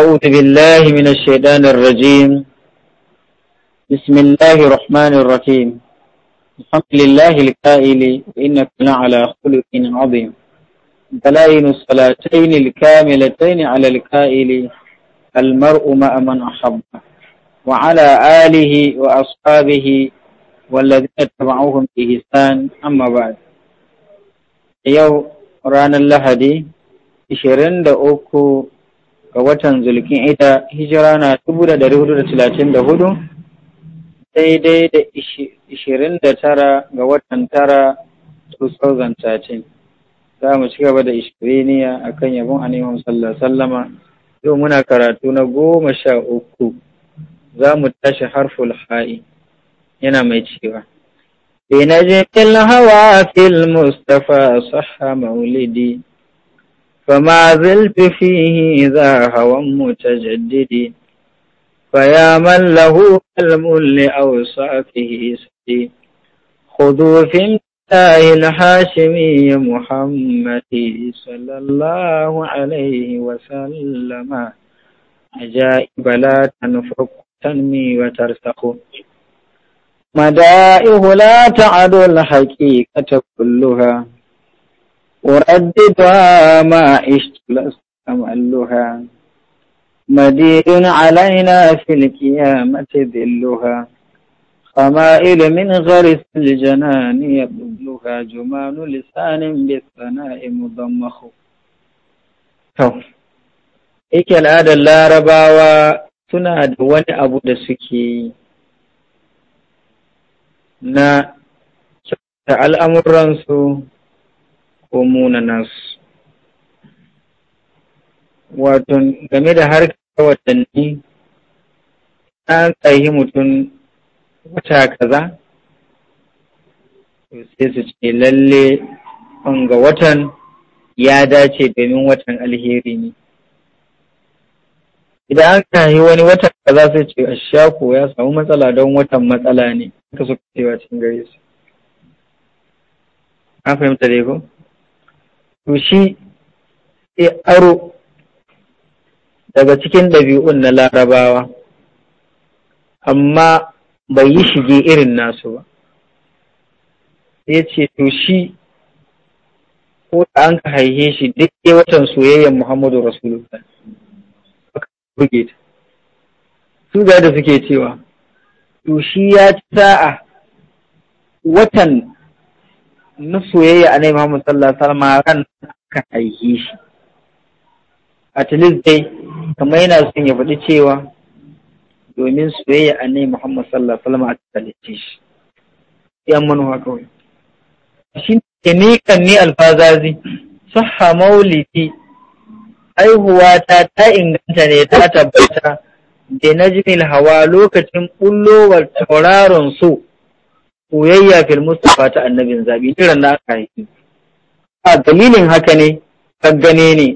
أعوذ بالله من الشيطان الرجيم بسم الله الرحمن الرحيم الحمد لله الكائل وإنك لعلى خلق عظيم دلائل الصلاتين الكاملتين على الكائل المرء مع من أحب وعلى آله وأصحابه والذين اتبعوهم بإحسان أما بعد يوم رانا اللهدي 23 ga watan zulkin ita hijira na hudu, daidai da ishirin da tara ga watan tara 2013 za mu ci gaba da ishiriniya a kan yabon animan Sallah, sallama yau muna karatu na goma sha uku za mu tashi harful ha'i yana mai cewa بنجم الهوى في المصطفى صح مولدي فما زلت فيه ذا هوى متجدد فيا من له علم لأوصافه سدي خذوا في الله الحاشمي محمد صلى الله عليه وسلم عجائب لا تنفك تنمي وترسخ مدائه لا تعد الحقيقة كلها أرددها ما عشت لست أملها مدين علينا في القيامة ذلها خمائل من غرس الجنان يبذلها جمان لسان بالثناء مضمخ Ike al'adar larabawa suna da wani abu da suke na al'amuransu ko muna nasu wato game da harkar watanni an tsayi mutum wata kaza sai su ce lalle ga watan ya dace domin watan alheri ne idan an kayi wani watan kaza sai ce a shako ya samu matsala don watan matsala ne suka suka cewa cin gare su an fahimta dai ko to shi sai aro daga cikin ɗabi'un na larabawa amma bai yi shige irin nasu ba ya ce to shi ko da an ka haihe shi duk watan soyayyar muhammadu rasulullah aka su ga da suke cewa to shi ya ci sa'a watan na soyayya a naima sallallahu alaihi wasallam ran ka aiki shi at least dai kamar yana son ya faɗi cewa domin soyayya a Muhammad sallallahu alaihi wasallam a talice shi yan manuwa kawai shi ne ni kan ni alfazazi sahha maulidi aihuwa ta ta inganta ne ta tabbata da najmil hawa lokacin bullowar tauraron su soyayya fil mustafa ta annabin zabi irin na aka haifi. A dalilin haka ne, gane ne,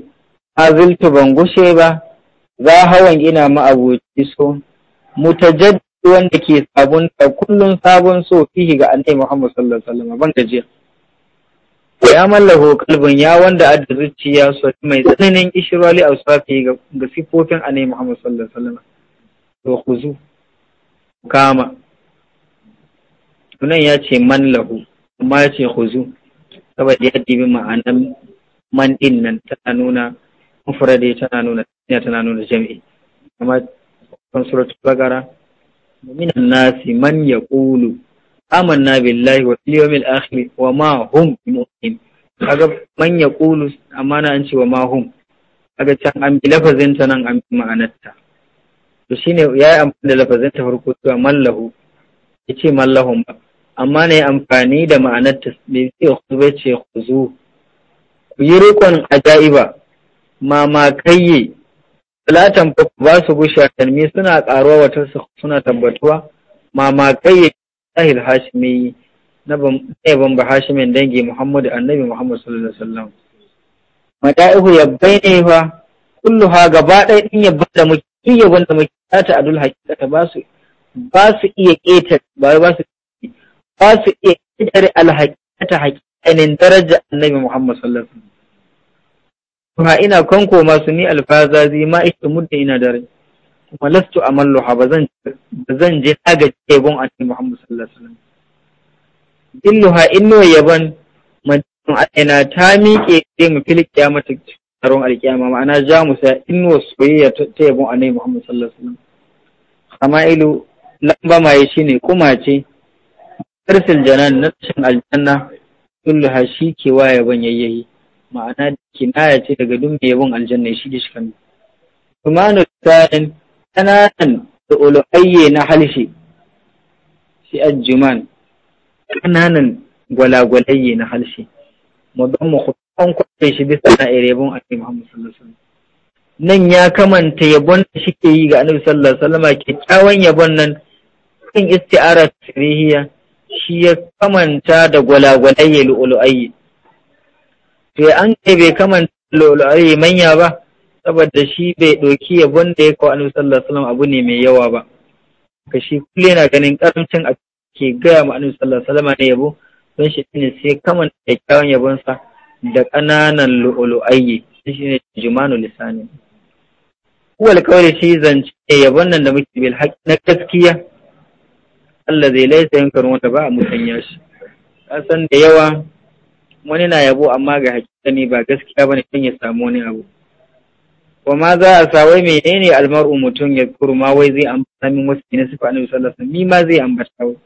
aziltu ban gushe ba, za hawan ina ma'aboci so, mutajaddi wanda ke sabunta kullum sabon so fihi ga annabi Muhammad sallallahu alaihi wasallam ban gajiya. Ya mallaho kalbun ya wanda addirci ya so mai tsananin ishirali a safi ga sifofin annai Muhammad sallallahu alaihi wasallam. To khuzu kama sunan ya ce man lahu kuma ya ce huzu saboda ya dibi ma'anan man din nan tana nuna mufrade tana nuna ya tana nuna jami'i amma kan suratul bagara minan nasi man yaqulu amanna billahi wa bil yawmil akhir wa ma hum mu'min kaga man yaqulu amana an ce wa ma hum kaga can an bi lafazin ta nan an bi ma'anarta to shine yayi amfani da lafazin ta farko cewa mallahu yace mallahum ba amma na yi amfani da ma'anar tasbih bai ce khuzu ku yi rikon ajaiba mamakaiye Filatan fa ba su gushe kalmi suna karuwa wata suna tabbatuwa mamakai sahil hashimi na ban ba hashimin dangi muhammadu annabi muhammad sallallahu alaihi wasallam mata'ihu yabbai ne fa kullu ha gaba ɗaya ɗin yabba da muke yabban da muke ta adul hakikata ba su ba su iya ƙetare ba ba su ba su iya ƙidare alhaƙiƙata haƙiƙanin daraja annabi Muhammad sallallahu alaihi wasallam. Ba ina kanko masu ni alfazazi ma ita mudda ina dare. Kuma lastu amalluha ba zan je na gaji yabon annabi Muhammad sallallahu alaihi wasallam. Illuha innuwa yaban madinun ina ta miƙe ɗaya mu fili kiyamata taron alkiyama ma'ana ja musa sa innuwa soyayya ta yabon annabi Muhammad sallallahu alaihi wasallam. Amma ilu lamba maye shine kuma ce tarsil janan na tashin aljanna kulluha shi ke wa yaban yayyayi ma'ana kinaya ce daga duk mai yabon aljanna shi ke shi kanu tumanu tsarin ƙananan da ulu'ayye na halshe shi ajjuman ƙananan gwalagwalayye na halshe mu don mu an kwace shi bisa na irebon annabi Muhammad sallallahu alaihi nan ya kamanta yabon da ke yi ga annabi sallallahu alaihi wasallam kyakkyawan yabon nan kan isti'ara tarihiyya shi ya kamanta da gwalagwalayya lu'ulu'ayyi to ya an kai bai kamanta lu'ulu'ayyi manya ba saboda shi bai ɗauki yabon da ya kawo annabi sallallahu alaihi abu ne mai yawa ba ka shi kule na ganin karamcin a ke gaya ma annabi sallallahu alaihi ne yabo don shi ne sai kamanta kyakkyawan yabonsa da ƙananan lu'ulu'ayyi shi ne jumanu lisani. Kowal kawai shi zance yabon nan da muke bil na gaskiya Allah zai laisa yankar wanda ba a musanya shi Kasan da yawa wani na yabo amma ga hakika ne ba gaskiya ba ne kan ya samu wani abu wa ma za a sa wai menene almar'u mutum ya kurma wai zai ambata min wasu ne sifa annabi sallallahu alaihi wasallam ma zai ambata wai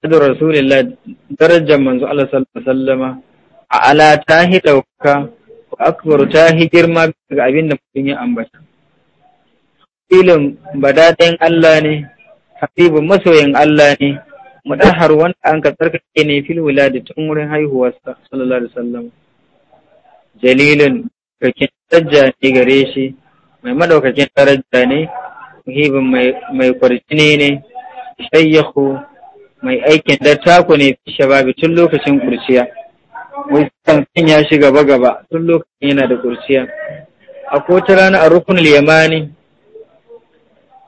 sadar rasulillah, darajar manzo Allah sallallahu alaihi wasallama a ala ta hi dauka wa akbaru ta hi girma ga abin da mutum ya ambata filin daɗin Allah ne habibu masoyin Allah ne Mu har wanda an ka tsarkake ne fil wulada tun wurin haihuwarsa sallallahu alaihi wasallam jalilun kakin daraja ne gare shi mai madaukakin daraja ne muhibin mai kwarjini ne shayyahu mai aikin dattako ne fi shababi tun lokacin kurciya wai ya shi gaba gaba tun lokacin yana da kurciya a ko rana a rukunul yamani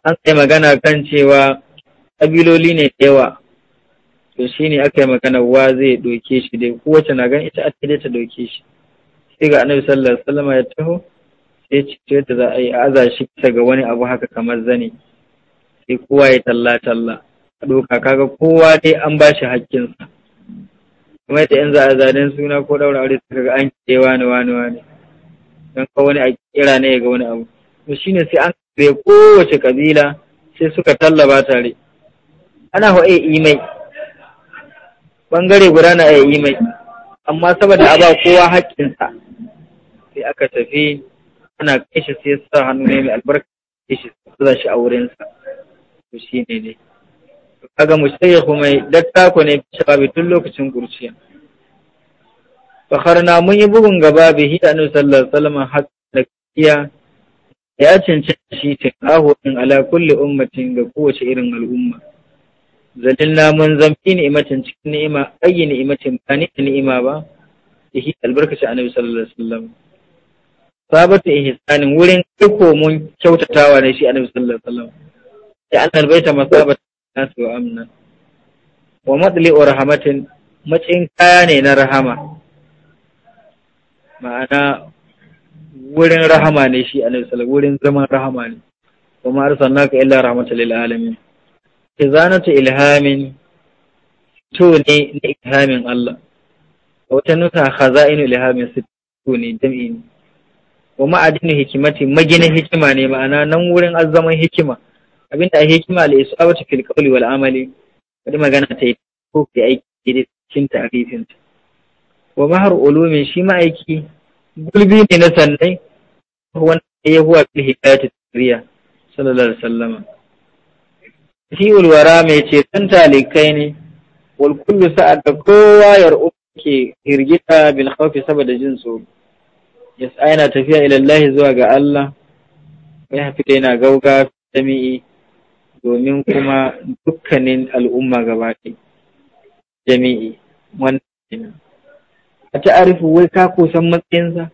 an kai magana kan cewa ƙabiloli ne da yawa to shi ne aka yi magana wa zai ɗauke shi dai kowace na gan ita ake ta ɗauke shi sai ga annabi sallallahu alaihi wasallam ya taho sai ce yadda za a yi aza shi bisa ga wani abu haka kamar zane sai kowa ya talla talla a ɗauka kaga kowa dai an ba shi haƙƙinsa kuma yadda yanzu a zanen suna ko ɗaura aure suka ga an kewa wani wani wani don ka wani a kira ne ga wani abu to shine sai an bai kowace kabila sai suka tallaba tare ana haɗe imai Bangare guda na iya imai e amma saboda a ba kowa haƙƙinsa sai aka tafi ana kai sai sa hannu ne mai albarka kashe shi shi a wurinsa to shi ne ne kaga mai dattako ne shababi tun lokacin kurciya na mun yi bugun gaba bihi da annabi sallallahu alaihi da kiya ya cancanta shi tinkaho ɗin ala kulli ummatin ga kowace irin al'umma zalin namun zamfi ni'imatin cikin ni'ima ayi ni'imatin ba ni ni'ima ba ihi albarkaci annabi sallallahu alaihi wasallam sabata ihsanin wurin iko mun kyautatawa ne shi annabi sallallahu alaihi wasallam ya Sabatu baita masabata nasu wa amna wa madli rahmatin macin kaya ne na rahama ma'ana wurin rahama ne shi alaihi salam wurin zaman rahama ne kuma ka illa rahmatan lil alamin izanatu ilhamin to ne na ilhamin Allah wata nusa khaza'inu ilhamin su ne jam'i ne wa adinu hikimati maginin hikima ne ma'ana nan wurin azzaman hikima abinda a hikima al isabatu fil qawli wal amali wani magana ta yi ko ta aiki da cikin ta. wa mahar ulumin shi ma aiki. gulbi ne na sannai wanda ya huwa fil hidayati tariya sallallahu alaihi wasallam fi ulwara mai ce tan talikai ne wal kullu sa'ad da kowa yar'u ke hirgita bil khawfi saboda jin tsoro yas'a yana tafiya ilallahi zuwa ga Allah ya fita yana gauga jami'i domin kuma dukkanin al'umma gaba jami'i wannan a arifu wai ka kusan matsayinsa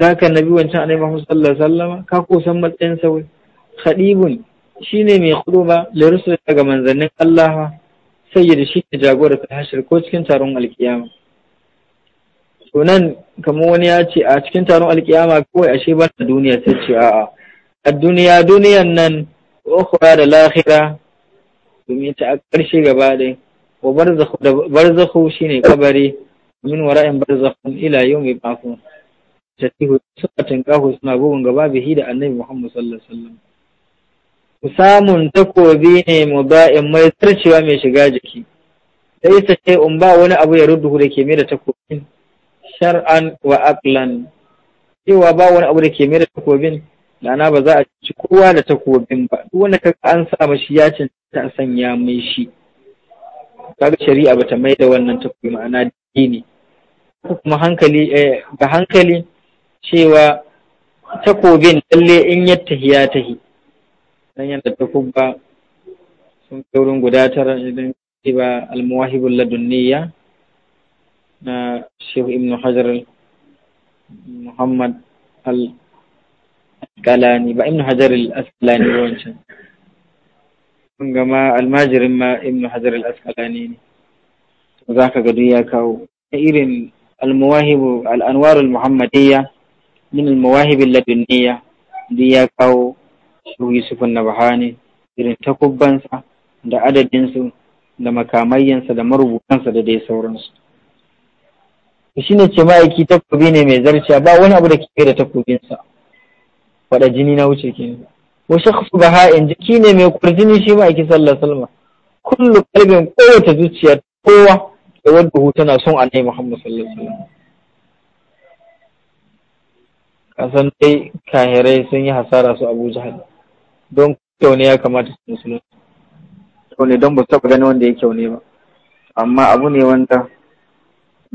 za ka nabi wancan a naimahu sallar sallama wasallam ka kusan matsayinsa wai khadibun ne mai khutba li rusul daga manzannin Allah da shi ne jagora ta hashir ko cikin taron alkiyama to nan kamar wani ya ce a cikin taron alkiyama kawai ashe ba ta duniya sai ce a'a a duniya duniyan nan ukhra da lahira domin ta a ƙarshe gaba ɗaya wa barzakhu shine kabari min wara'in barzakhun ila yawmi ba'thun tatihu suka tinkahu suna bugun gaba bihi da annabi Muhammad sallallahu alaihi wasallam samun takobi ne muba'in mai tarcewa mai shiga jiki sai ta ce in um, ba wani abu ya rudduhu da ke mai da takobin shar'an wa aqlan cewa ba wani abu da ke mai da takobin lana ba za a ci kowa da takobin ba duk wanda ka an sa mashi ya cancanta ta sanya mai shi kaga shari'a bata mai da wannan takobi ma'ana dini kuma hankali eh, ga hankali cewa takobin lalle in ya tahi ya tahi dan yadda ta kubba sun kaurin wurin guda tara idan ba almuwahibul ladunniya na shehu ibnu hajar muhammad al kalani ba ibnu hajar al asqalani wancan kun gama almajirin ma ibnu hajar al asqalani ne za ka ga ya kawo irin المواهب Muhammadiyya, المحمدية من المواهب اللدنية da ya kawo su na Nabahani irin takubbansa da adadinsu da makamayyansa da marubutansa da dai sauransu. Shi ne ce ma'aiki takobi ne mai zarciya ba wani abu da ke da takobinsa. waɗa jini na wuce ke Wa shakhsu baha'in jiki ne mai kurjini shi ma'aiki sallar salma. Kullum kalbin kowace zuciya kowa da wadda tana son annai Muhammad sallallahu alaihi wasallam san dai kahirai sun yi hasara su Abu Jahal don kyaune ya kamata su musulunci kyaune don ba su taɓa gani wanda ya kyaune ba amma abu ne wanda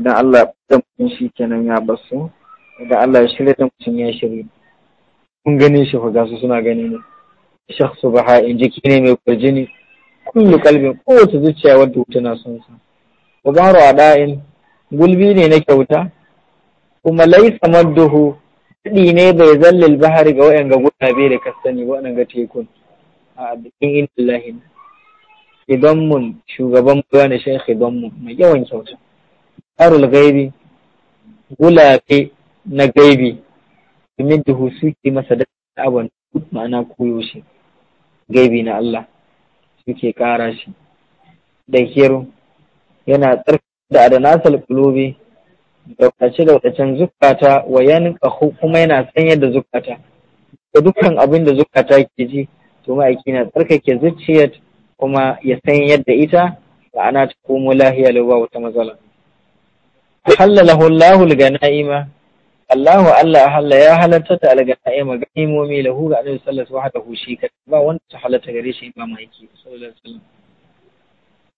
idan Allah ya mutum shi kenan ya basu idan Allah ya shirya ta mutum ya shirya kun gani shi ga su suna gani ne ba ha in jiki ne mai kurjini kullu kalbin kowace zuciya wadda na son sa ubaru a ɗa’in gulbi ne na kyauta kuma laisa madduhu Daɗi ne bai zallil bahari ga waɗanda gurabe da ka sani ga tekun a bikin indillahi Idan mun shugaban bayan shan mun mai yawan kyauta. Harul gaibi, gulafe na gaibi, domin duhu suke masa da abin ma'ana koyo shi. Gaibi na Allah suke ƙara shi. Da hiru, yana tsarki da adanasal kulubi daukace daukacen zukata wa yanka kuma yana sanyar da zukata da dukkan abin da zukata ke ji to ma'aiki na tsarkake zuciyar kuma ya san yadda ita ana ta komo lahiya lau wata matsala halalahu Allahu al-ganaima Allahu Allah halla ya halatta da al-ganaima ganimomi lahu ga Annabi sallallahu alaihi wasallam ba wanda ta halatta gare shi ba ma'aiki sallallahu alaihi wasallam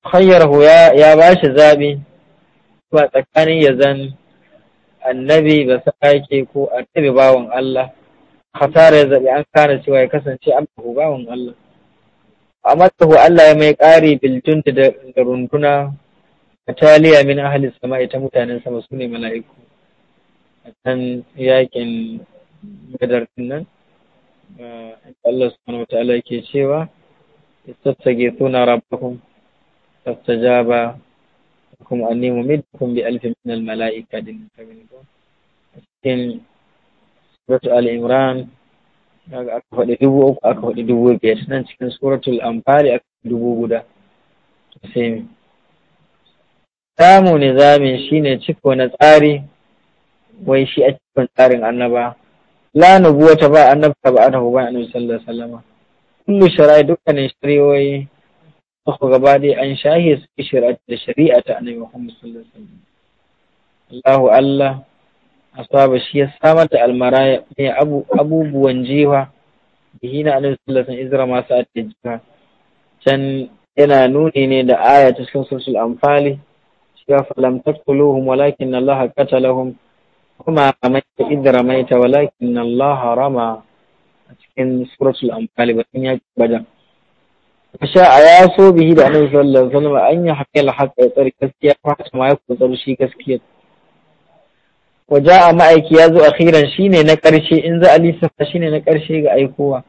khayyarahu ya ya bashi zabi ba tsakanin ya zan annabi ba sake ko annabi bawan Allah hasara ya zabi an kana cewa ya kasance abdu bawan Allah amma tahu Allah ya mai ƙari biltun da runduna taliya min ahli samai ta mutanen sama su ne mala'iku a kan yakin badar nan eh, Allah subhanahu wa ta'ala yake cewa istatsage suna rabbakum fastajaba kuma anni mumiddukum bi alfin min al mala'ika din kamin ko cikin suratul al imran kaga aka faɗi dubu uku aka faɗi dubu biyar nan cikin suratul anfali aka dubu guda sai mi samu nizamin shine ciko na tsari wai shi a cikin tsarin annaba la nubuwata ba annabta ba annabi ba annabi sallallahu alaihi wasallam kullu shara'i dukkanin shari'o'i uku gaba dai an shahe su da shari'a ta annabi Muhammad sallallahu alaihi wasallam Allahu Allah asaba shi ya samar da almara ne abubuwan jiwa bihi na annabi sallallahu alaihi wasallam masu attajja can yana nuni ne da aya ta cikin suratul anfali cewa falam taqtuluhum walakin Allah qatalahum kuma ramaita id ramaita walakin Allah rama a cikin suratul anfali batun ya bajan sha a ya so bihi da annabi sallallahu alaihi wasallam an yi haƙƙal haƙƙa ya tsari gaskiya haka ma ya kutsar shi gaskiya waja a ma'aiki ya zo akhiran shine na ƙarshe in za a lissafa shine na ƙarshe ga aikowa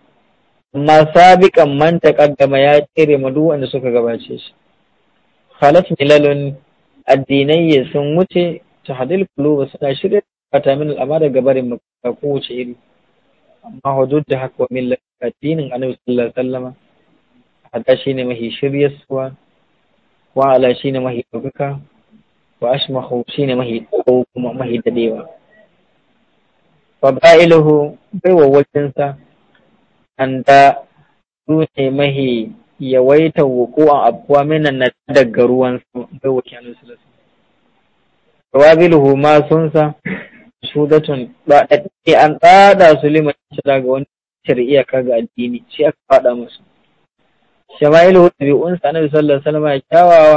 amma sabiƙan man taqaddama ya tsere ma duk wanda suka gabace shi Khalaf milalun addinai sun wuce tahdil qulub suna shirya fata min al'amara gabarin ko wuce iri amma hudud da haka wa millat addinin annabi sallallahu alaihi wasallama haɗa shi ne mahi shiryaswa wa ala shi ne mahi ɗaukaka wa ashmahu shi ne mahi ɗau kuma mahi dadewa wa ba'iluhu bai wa wajensa an da su ne mahi yawaita wuku'an abuwa minan na daga ruwansu bai wa kyanin su da su rawabiluhu ma sun sa sudatun ɗaɗaɗe an tsada su liman shira ga wani shari'a kaga addini shi aka faɗa musu shama'ilu bi sa annabi sallallahu alaihi wasallam kyawawa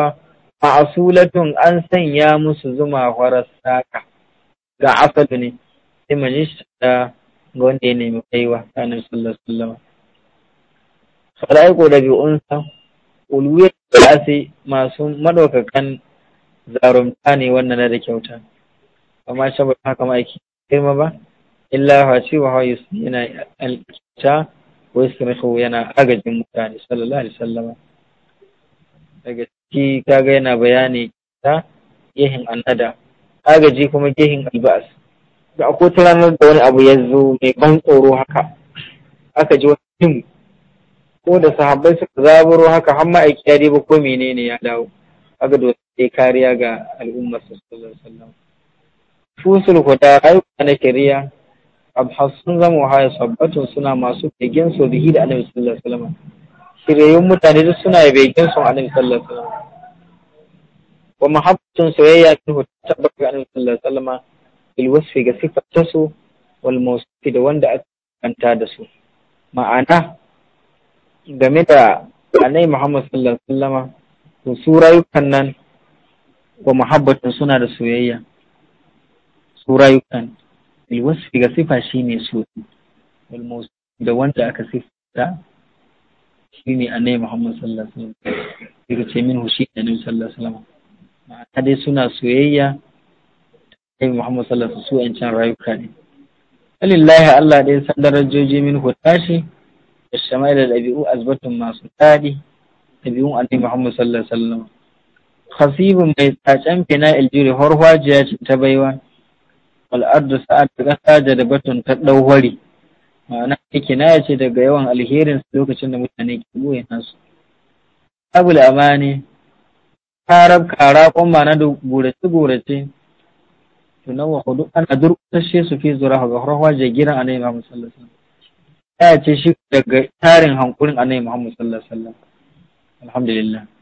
ma'asulatun an sanya musu zuma farar saka ga asalu ne sai mun da ga wanda ya nemi kaiwa annabi sallallahu alaihi wasallam bi ɗabi'un sa ulwiyar sai masu madaukakan zarumta ne wannan da kyauta amma shabu haka ma aiki girma ba illa wa ce wa hawa yusuf yana alkyauta wa yana agajin mutane sallallahu alaihi sallama daga ciki kaga yana bayani ta gehin annada agaji kuma gehin alba'as da akwai ranar da wani abu ya zo mai ban tsoro haka aka ji wani tim ko da sahabbai suka zaburo haka har ma'aiki ya ba ko menene ya dawo aga da wasu kariya ga al'ummar sallallahu alaihi wasallam fusul huda ayyuka na kiriya abhas sun zama wahaya sabbatun suna masu begen su bihi da annabi sallallahu alaihi wasallam shiryayyun mutane duk suna begen su annabi sallallahu alaihi wasallam wa mahabbatun soyayya ta tabbata ga annabi sallallahu alaihi wasallam bil wasfi ga sifatta su wal mawsufi da wanda aka kanta da su ma'ana game da annabi Muhammad sallallahu alaihi wasallam to su rayukan nan wa mahabbatun suna da soyayya su rayukan Ilwasfi ga sifa shi ne so, da wanda aka sifata shi ne annai Muhammad sallallahu Alaihi wasallam. Daga ce min hushi da Annabi sallallahu Alaihi wasallam. Ma'ana dai suna soyayya Annabi Muhammad sallallahu Alaihi wasallam su can rayuka ne. Alillahi Allah dai san darajoji min hutashi da shama'il da ɗabi'u azbatun masu daɗi ɗabi'un Annabi Muhammad sallallahu Alaihi wasallam. Khasibun mai tsacen fina iljiri horwajiya ce ta baiwa. al'adu sa'ad da ƙasa batun ta ɗau wari ma'ana yake na yace daga yawan alherin su lokacin da mutane ke buye nasu abul amani karab kara kuma na da gurace gurace tunan wa hudu ana durkusashe su fi zura ga harwa jagira a nai Muhammad ya ce shi daga tarin hankulin a nai Muhammad alhamdulillah